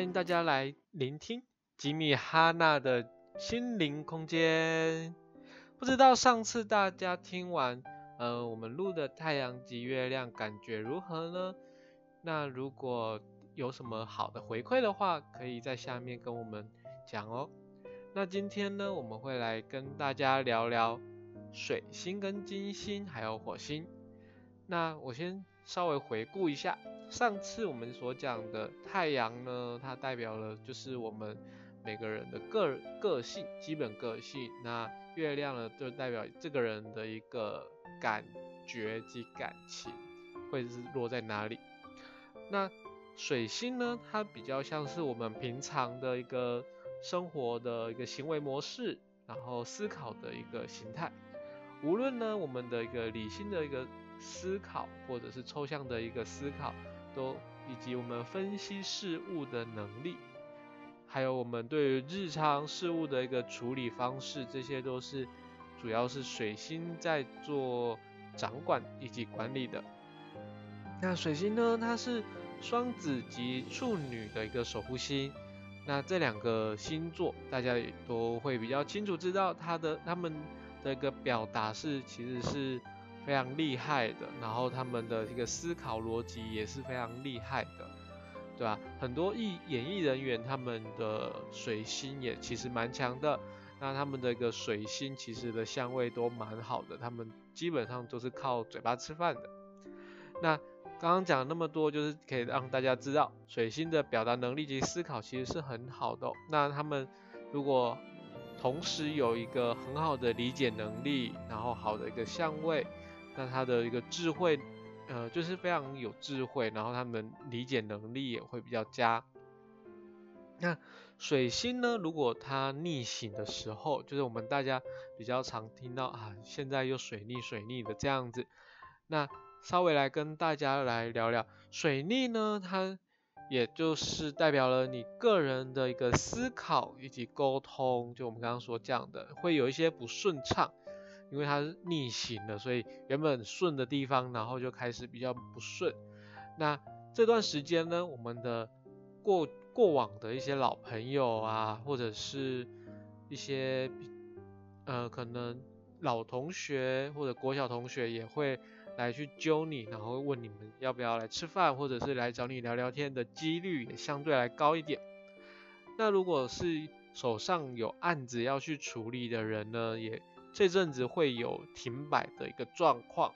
歡迎大家來聆聽吉米哈娜的心靈空間。不知道上次大家聽完，呃，我們錄的太陽及月亮感覺如何呢？那如果有什麼好的回饋的話，可以在下面跟我們講哦。那今天呢，我們會來跟大家聊聊水星、跟金星還有火星。那我先，稍微回顧一下，上次我們所講的太陽呢，它代表了就是我們每個人的個個性，基本個性。那月亮呢，就代表這個人的一個感覺及感情會是落在哪裡。那水星呢，它比較像是我們平常的一個生活的一個行為模式，然後思考的一個形態。無論呢，我們的一個理性的一個。思考或者是抽象的一個思考，都以及我們分析事物的能力，還有我們對於日常事物的一個處理方式，這些都是主要是水星在做掌管以及管理的。那水星呢，它是雙子及處女的一個守護星。那這兩個星座大家也都會比較清楚知道，它的它們的一個表達式其實是，非常厲害的，然後他們的一個思考邏輯也是非常厲害的，對吧？很多藝演藝人員他們的水星也其實蠻強的，那他們的一個水星其實的相位都蠻好的，他們基本上都是靠嘴巴吃飯的。那剛剛講那麼多，就是可以讓大家知道，水星的表達能力及思考其實是很好的哦。那他們如果同時有一個很好的理解能力，然後好的一個相位。那它的一個智慧，呃，就是非常有智慧，然後他們理解能力也會比較佳。那水星呢？如果它逆行的時候，就是我們大家比較常聽到啊，現在又水逆水逆的這樣子。那稍微來跟大家來聊聊水逆呢，它也就是代表了你個人的一個思考以及溝通，就我們剛剛說這樣的，會有一些不順暢。因為它是逆行的，所以原本順的地方，然後就開始比較不順。那這段時間呢，我們的過過往的一些老朋友啊，或者是一些呃可能老同學或者國小同學也會來去揪你，然後問你們要不要來吃飯，或者是來找你聊聊天的幾率也相對來高一點。那如果是手上有案子要去處理的人呢，也。這陣子會有停擺的一個狀況，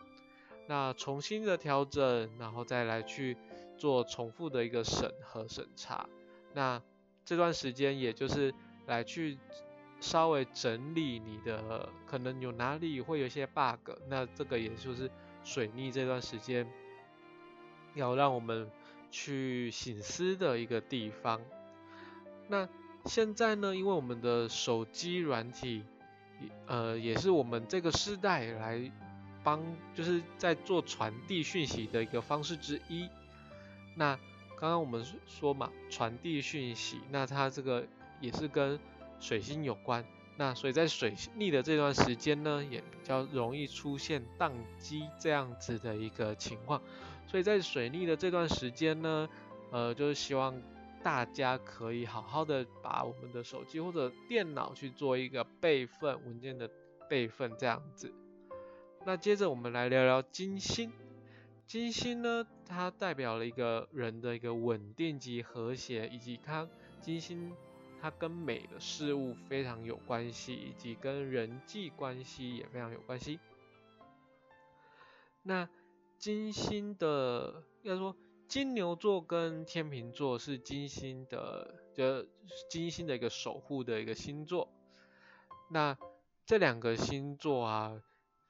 那重新的調整，然後再來去做重複的一個審核審查。那這段時間也就是來去稍微整理你的，可能有哪裡會有一些 bug，那這個也就是水逆這段時間要讓我們去省思的一個地方。那現在呢，因為我們的手機軟體。呃，也是我們這個時代來幫，就是在做傳遞訊息的一個方式之一。那剛剛我們說嘛，傳遞訊息，那它這個也是跟水星有關。那所以在水逆的這段時間呢，也比較容易出現宕機這樣子的一個情況。所以在水逆的這段時間呢，呃，就是希望大家可以好好的把我們的手機或者電腦去做一個。備份文件的備份這樣子，那接着我們來聊聊金星。金星呢，它代表了一個人的一個穩定及和諧，以及它金星它跟美的事物非常有關係，以及跟人際關係也非常有關係。那金星的，要說金牛座跟天秤座是金星的，就是金星的一個守護的一個星座。那這兩個星座啊，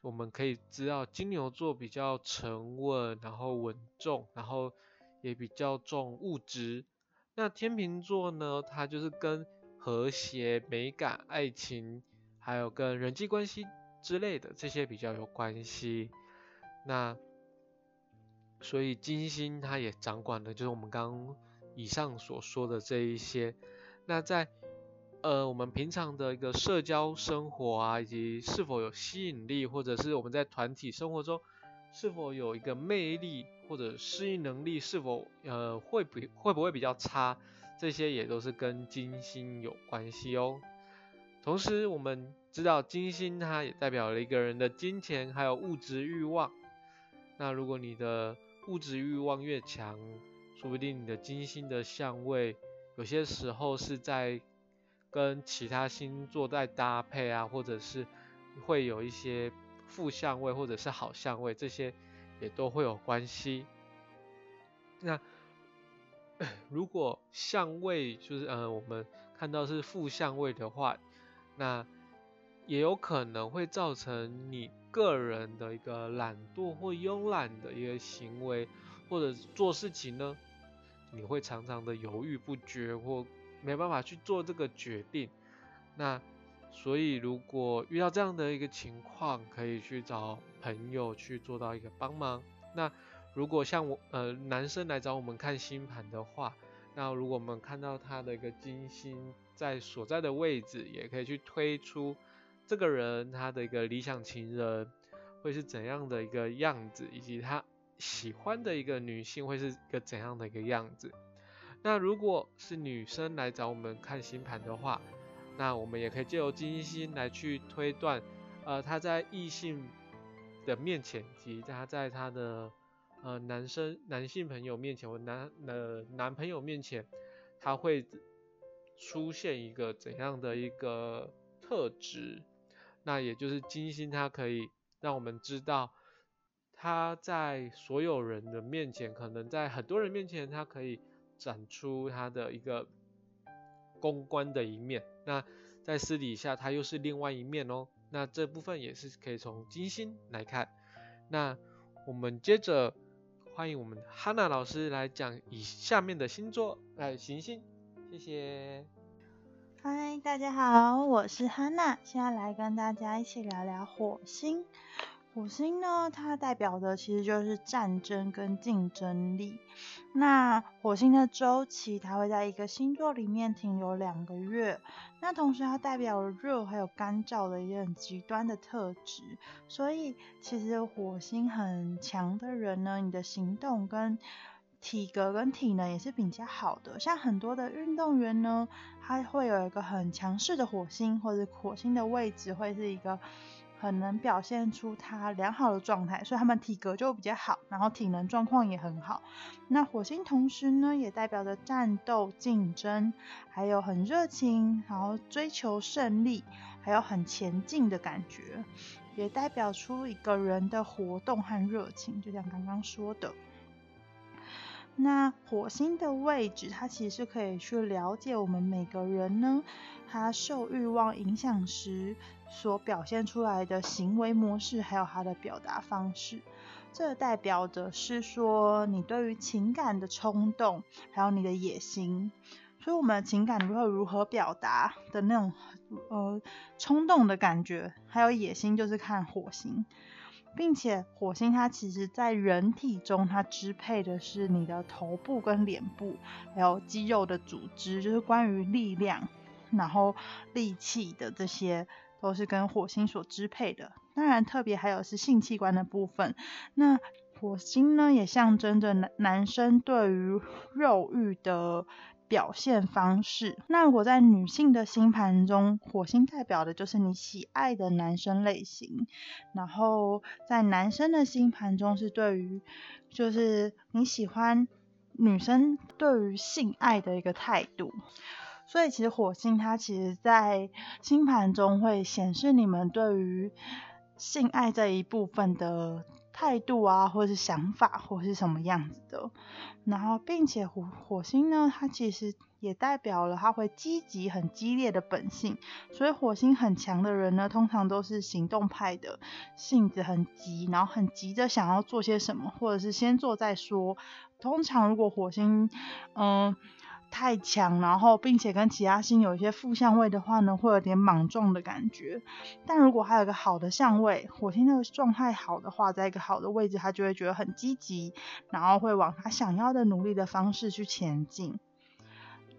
我們可以知道，金牛座比較沉穩，然後穩重，然後也比較重物質。那天秤座呢，它就是跟和諧、美感、愛情，還有跟人際關係之類的這些比較有關係。那所以金星它也掌管的，就是我們剛剛以上所說的這一些。那在呃，我們平常的一個社交生活啊，以及是否有吸引力，或者是我們在團體生活中是否有一個魅力或者適應能力，是否呃會比會不會比較差，這些也都是跟金星有關係哦。同時，我們知道金星它也代表了一個人的金錢還有物質慾望。那如果你的物質慾望越強，說不定你的金星的相位有些時候是在。跟其他星座在搭配啊，或者是會有一些負相位或者是好相位，這些也都會有關係。那如果相位就是呃我們看到是負相位的話，那也有可能會造成你個人的一個懶惰或慵懶的一個行為，或者做事情呢，你會常常的猶豫不決或。沒辦法去做這個決定，那所以如果遇到這樣的一個情況，可以去找朋友去做到一個幫忙。那如果像我呃男生來找我們看星盤的話，那如果我們看到他的一個金星在所在的位置，也可以去推出這個人他的一個理想情人會是怎樣的一個樣子，以及他喜歡的一個女性會是一個怎樣的一個樣子。那如果是女生來找我們看星盤的話，那我們也可以借由金星來去推斷，呃，她在異性的面前，以及她在她的呃男生、男性朋友面前，或男的、呃、男朋友面前，她會出現一個怎樣的一個特質？那也就是金星，它可以讓我們知道她在所有人的面前，可能在很多人面前，她可以。展出它的一個公關的一面，那在私底下它又是另外一面哦，那這部分也是可以從金星來看。那我們接着歡迎我們哈娜老師來講以下面的星座來、呃、行星，謝謝。嗨，大家好，我是哈娜，現在來跟大家一起聊聊火星。火星呢，它代表的其實就是戰爭跟競爭力。那火星的周期，它會在一個星座裡面停留兩個月。那同時，它代表了熱還有乾燥的一些很極端的特質。所以，其實火星很強的人呢，你的行動跟體格跟體能也是比較好的。像很多的運動員呢，他會有一個很強勢的火星，或者火星的位置會是一個。很能表現出他良好的狀態，所以他們體格就比較好，然後體能狀況也很好。那火星同時呢，也代表着戰鬥、競爭，還有很熱情，然後追求勝利，還有很前進的感覺，也代表出一個人的活動和熱情，就像剛剛說的。那火星的位置，它其實可以去了解我們每個人呢，他受慾望影響時所表現出來的行為模式，還有他的表達方式。這代表的是說，你對於情感的衝動，還有你的野心。所以，我們的情感如何如何表達的那種呃衝動的感覺，還有野心，就是看火星。並且火星它其實在人體中，它支配的是你的頭部跟臉部，還有肌肉的組織，就是關於力量，然後力氣的這些，都是跟火星所支配的。當然，特別還有是性器官的部分。那火星呢，也象徵着男生對於肉欲的。表現方式。那如果在女性的星盤中，火星代表的就是你喜愛的男生類型。然後在男生的星盤中是對於，就是你喜歡女生對於性愛的一個態度。所以其實火星它其實在星盤中會顯示你們對於性愛這一部分的。態度啊，或者是想法，或者是什麼樣子的。然後，並且火火星呢，它其實也代表了它會積極、很激烈的本性。所以，火星很強的人呢，通常都是行動派的，性子很急，然後很急着想要做些什麼，或者是先做再說。通常，如果火星，嗯、呃。太強，然後並且跟其他星有一些負相位的話呢，會有點莽撞的感覺。但如果還有個好的相位，火星的狀態好的話，在一個好的位置，他就會覺得很積極，然後會往他想要的努力的方式去前進。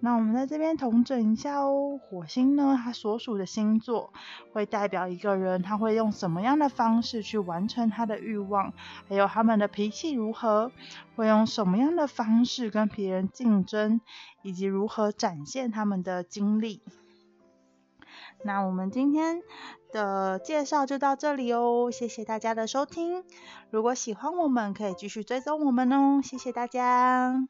那我們在這邊統整一下哦，火星呢，它所屬的星座會代表一個人，他會用什麼樣的方式去完成他的慾望，還有他們的脾氣如何，會用什麼樣的方式跟別人競爭，以及如何展現他們的精力。那我們今天的介紹就到這裡哦，謝謝大家的收聽。如果喜歡，我們可以繼續追蹤我們哦，謝謝大家。